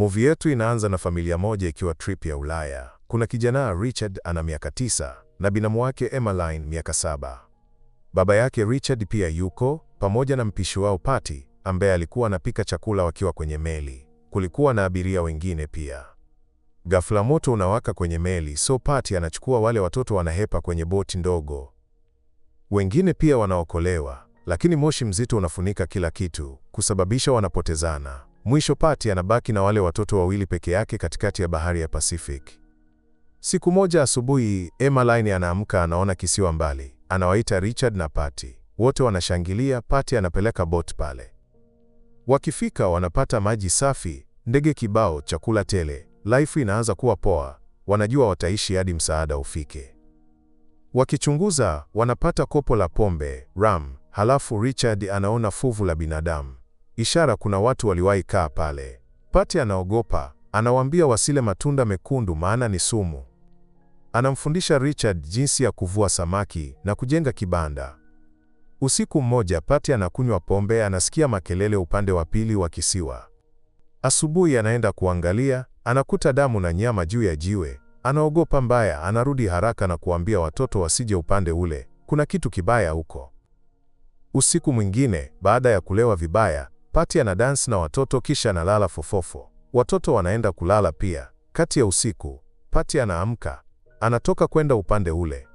Movie yetu inaanza na familia moja ikiwa trip ya Ulaya. Kuna kijana Richard ana miaka tisa na binamu wake Emmeline miaka saba. Baba yake Richard pia yuko pamoja na mpishi wao Patty ambaye alikuwa anapika chakula wakiwa kwenye meli. Kulikuwa na abiria wengine pia. Ghafla moto unawaka kwenye meli, so Patty anachukua wale watoto wanahepa kwenye boti ndogo. Wengine pia wanaokolewa, lakini moshi mzito unafunika kila kitu, kusababisha wanapotezana. Mwisho Pati anabaki na wale watoto wawili peke yake katikati ya bahari ya Pacific. Siku moja asubuhi, Emmeline anaamka, anaona kisiwa mbali. Anawaita Richard na Pati, wote wanashangilia. Pati anapeleka bot pale. Wakifika wanapata maji safi, ndege kibao, chakula tele. Life inaanza kuwa poa, wanajua wataishi hadi msaada ufike. Wakichunguza wanapata kopo la pombe ram, halafu Richard anaona fuvu la binadamu ishara kuna watu waliwahi kaa pale. pati anaogopa, anawaambia wasile matunda mekundu maana ni sumu. Anamfundisha Richard jinsi ya kuvua samaki na kujenga kibanda. Usiku mmoja, pati anakunywa pombe, anasikia makelele upande wa pili wa kisiwa. Asubuhi anaenda kuangalia, anakuta damu na nyama juu ya jiwe. Anaogopa mbaya, anarudi haraka na kuambia watoto wasije upande ule, kuna kitu kibaya huko. Usiku mwingine, baada ya kulewa vibaya, Pati dance na watoto kisha analala fofofo. Watoto wanaenda kulala pia. Kati ya usiku, Pati anaamka, anatoka kwenda upande ule.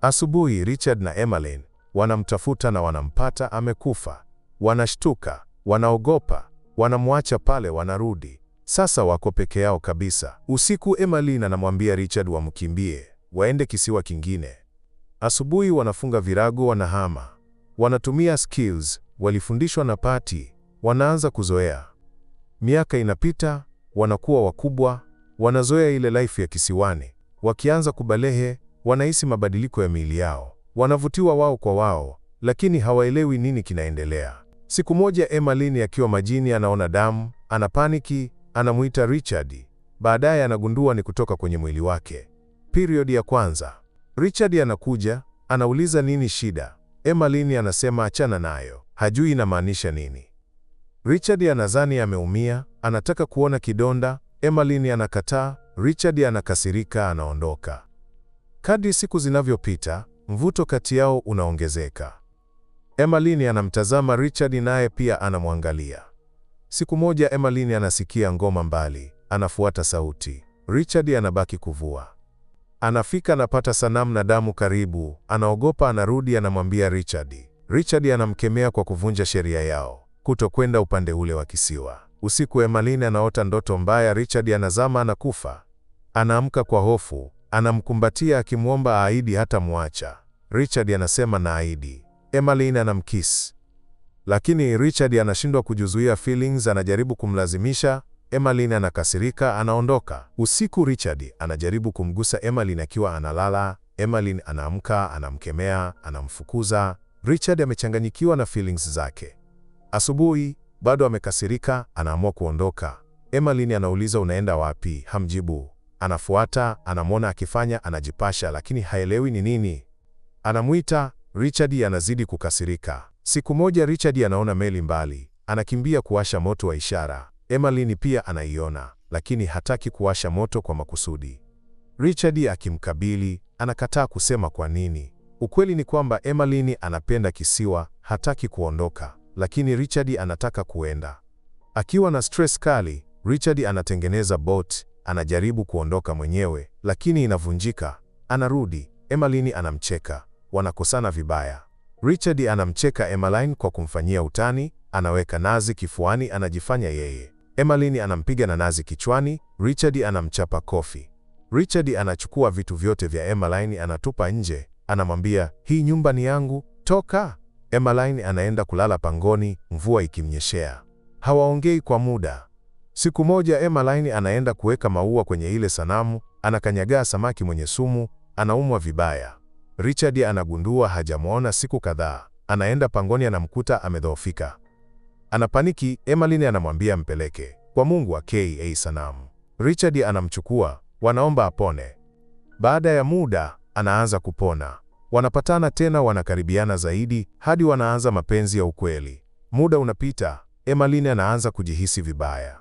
Asubuhi Richard na Emmeline wanamtafuta na wanampata amekufa. Wanashtuka, wanaogopa, wanamwacha pale, wanarudi. Sasa wako peke yao kabisa. Usiku Emmeline anamwambia Richard wamkimbie, waende kisiwa kingine. Asubuhi wanafunga virago, wanahama. Wanatumia skills walifundishwa na Pati wanaanza kuzoea. Miaka inapita, wanakuwa wakubwa, wanazoea ile life ya kisiwani. Wakianza kubalehe, wanahisi mabadiliko ya miili yao, wanavutiwa wao kwa wao, lakini hawaelewi nini kinaendelea. Siku moja Emmeline akiwa majini anaona damu, anapaniki, anamuita Richard. Baadaye anagundua ni kutoka kwenye mwili wake. Period ya kwanza. Richard anakuja, anauliza nini shida. Emmeline anasema achana nayo, hajui inamaanisha nini. Richard anazani ameumia, anataka kuona kidonda. Emmeline anakataa. Richard anakasirika, anaondoka. Kadri siku zinavyopita, mvuto kati yao unaongezeka. Emmeline anamtazama Richard, naye pia anamwangalia. Siku moja Emmeline anasikia ngoma mbali, anafuata sauti. Richard anabaki kuvua. Anafika, anapata sanamu na damu karibu, anaogopa, anarudi, anamwambia Richard. Richard anamkemea kwa kuvunja sheria yao kutokwenda upande ule wa kisiwa. Usiku Emmaline anaota ndoto mbaya, Richard anazama anakufa. Anaamka kwa hofu, anamkumbatia akimwomba aahidi hata mwacha. Richard anasema na aahidi. Emmaline anamkiss. Lakini Richard anashindwa kujizuia feelings, anajaribu kumlazimisha. Emmaline anakasirika, anaondoka. Usiku Richard anajaribu kumgusa Emmaline akiwa analala. Emmaline anaamka, anamkemea, anamfukuza. Richard amechanganyikiwa na feelings zake. Asubuhi bado amekasirika, anaamua kuondoka. Emaline anauliza unaenda wapi? Hamjibu, anafuata, anamwona akifanya, anajipasha, lakini haelewi ni nini. Anamwita Richard, anazidi kukasirika. Siku moja Richard anaona meli mbali, anakimbia kuwasha moto wa ishara. Emaline pia anaiona, lakini hataki kuwasha moto kwa makusudi. Richard akimkabili, anakataa kusema kwa nini. Ukweli ni kwamba Emaline anapenda kisiwa, hataki kuondoka lakini Richard anataka kuenda. Akiwa na stress kali, Richard anatengeneza boat, anajaribu kuondoka mwenyewe, lakini inavunjika. Anarudi, Emmeline anamcheka, wanakosana vibaya. Richard anamcheka Emmeline kwa kumfanyia utani, anaweka nazi kifuani, anajifanya yeye. Emmeline anampiga na nazi kichwani, Richard anamchapa kofi. Richard anachukua vitu vyote vya Emmeline anatupa nje, anamwambia, hii nyumba ni yangu, toka. Emmeline anaenda kulala pangoni, mvua ikimnyeshea. Hawaongei kwa muda. Siku moja Emmeline anaenda kuweka maua kwenye ile sanamu, anakanyagaa samaki mwenye sumu, anaumwa vibaya. Richard anagundua hajamwona siku kadhaa, anaenda pangoni, anamkuta amedhoofika. Anapaniki. Emmeline anamwambia mpeleke kwa Mungu wa ka sanamu. Richard anamchukua, wanaomba apone. Baada ya muda anaanza kupona. Wanapatana tena, wanakaribiana zaidi hadi wanaanza mapenzi ya ukweli. Muda unapita, Emmeline anaanza kujihisi vibaya.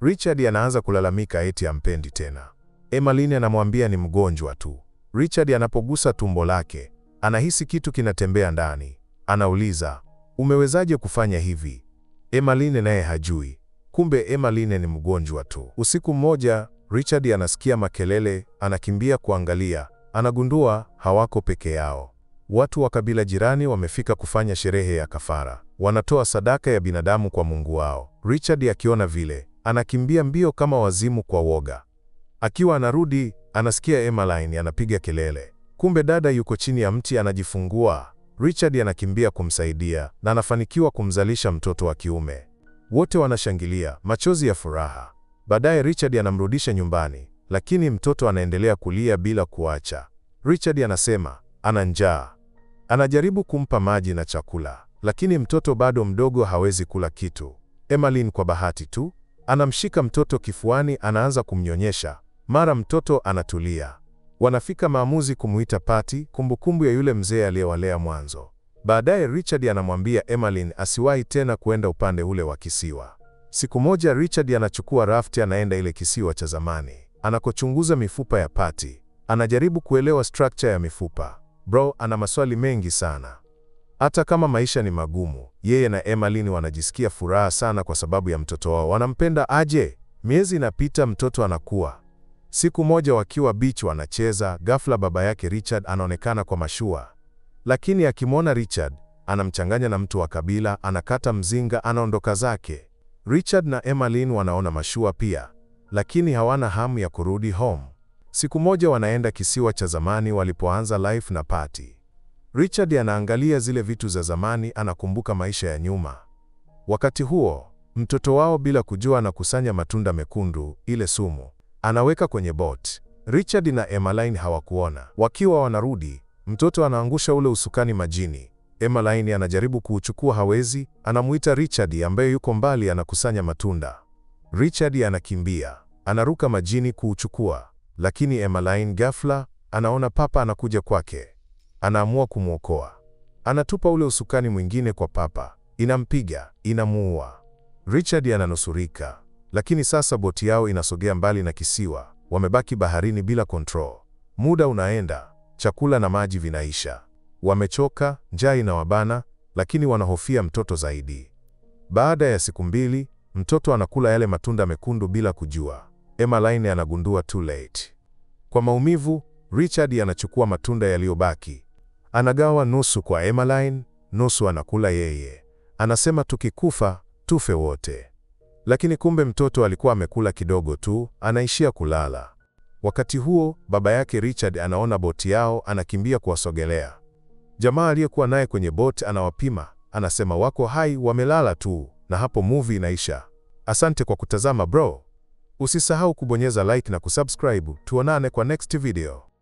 Richard anaanza kulalamika eti ampendi tena. Emmeline anamwambia ni mgonjwa tu. Richard anapogusa tumbo lake, anahisi kitu kinatembea ndani. Anauliza, umewezaje kufanya hivi? Emmeline naye hajui. Kumbe Emmeline ni mgonjwa tu. Usiku mmoja, Richard anasikia makelele, anakimbia kuangalia. Anagundua hawako peke yao. Watu wa kabila jirani wamefika kufanya sherehe ya kafara, wanatoa sadaka ya binadamu kwa Mungu wao. Richard akiona vile, anakimbia mbio kama wazimu kwa woga. Akiwa anarudi, anasikia Emmeline anapiga kelele. Kumbe dada yuko chini ya mti anajifungua. Richard anakimbia kumsaidia na anafanikiwa kumzalisha mtoto wa kiume. Wote wanashangilia, machozi ya furaha. Baadaye Richard anamrudisha nyumbani lakini mtoto anaendelea kulia bila kuacha. Richard anasema ana njaa. Anajaribu kumpa maji na chakula, lakini mtoto bado mdogo, hawezi kula kitu. Emmeline kwa bahati tu anamshika mtoto kifuani, anaanza kumnyonyesha. Mara mtoto anatulia. Wanafika maamuzi kumuita Pati, kumbukumbu ya yule mzee aliyewalea mwanzo. Baadaye Richard anamwambia Emmeline asiwahi tena kuenda upande ule wa kisiwa. Siku moja Richard anachukua rafti, anaenda ile kisiwa cha zamani anakochunguza mifupa ya Pati, anajaribu kuelewa structure ya mifupa. Bro ana maswali mengi sana. Hata kama maisha ni magumu, yeye na Emmaline wanajisikia furaha sana kwa sababu ya mtoto wao. Wanampenda aje? Miezi inapita, mtoto anakuwa. Siku moja wakiwa beach wanacheza, ghafla baba yake Richard anaonekana kwa mashua, lakini akimwona Richard anamchanganya na mtu wa kabila, anakata mzinga, anaondoka zake. Richard na Emmaline wanaona mashua pia, lakini hawana hamu ya kurudi home. Siku moja wanaenda kisiwa cha zamani walipoanza life na party. Richard anaangalia zile vitu za zamani, anakumbuka maisha ya nyuma. Wakati huo mtoto wao bila kujua anakusanya matunda mekundu, ile sumu anaweka kwenye bot. Richard na Emmaline hawakuona. Wakiwa wanarudi, mtoto anaangusha ule usukani majini. Emmaline anajaribu kuuchukua, hawezi. Anamuita Richard ambaye yuko mbali, anakusanya matunda. Richard anakimbia, anaruka majini kuuchukua, lakini Emmeline ghafla anaona papa anakuja kwake. Anaamua kumwokoa, anatupa ule usukani mwingine kwa papa, inampiga, inamuua. Richard ananusurika, lakini sasa boti yao inasogea mbali na kisiwa, wamebaki baharini bila control. Muda unaenda, chakula na maji vinaisha, wamechoka, njaa inawabana, lakini wanahofia mtoto zaidi. Baada ya siku mbili Mtoto anakula yale matunda mekundu bila kujua. Emmeline anagundua too late. Kwa maumivu, Richard anachukua matunda yaliyobaki, anagawa nusu kwa Emmeline, nusu anakula yeye. Anasema tukikufa tufe wote, lakini kumbe mtoto alikuwa amekula kidogo tu, anaishia kulala. Wakati huo baba yake Richard anaona boti yao, anakimbia kuwasogelea. Jamaa aliyekuwa naye kwenye boti anawapima, anasema wako hai, wamelala tu na hapo movie inaisha. Asante kwa kutazama bro, usisahau kubonyeza like na kusubscribe. Tuonane kwa next video.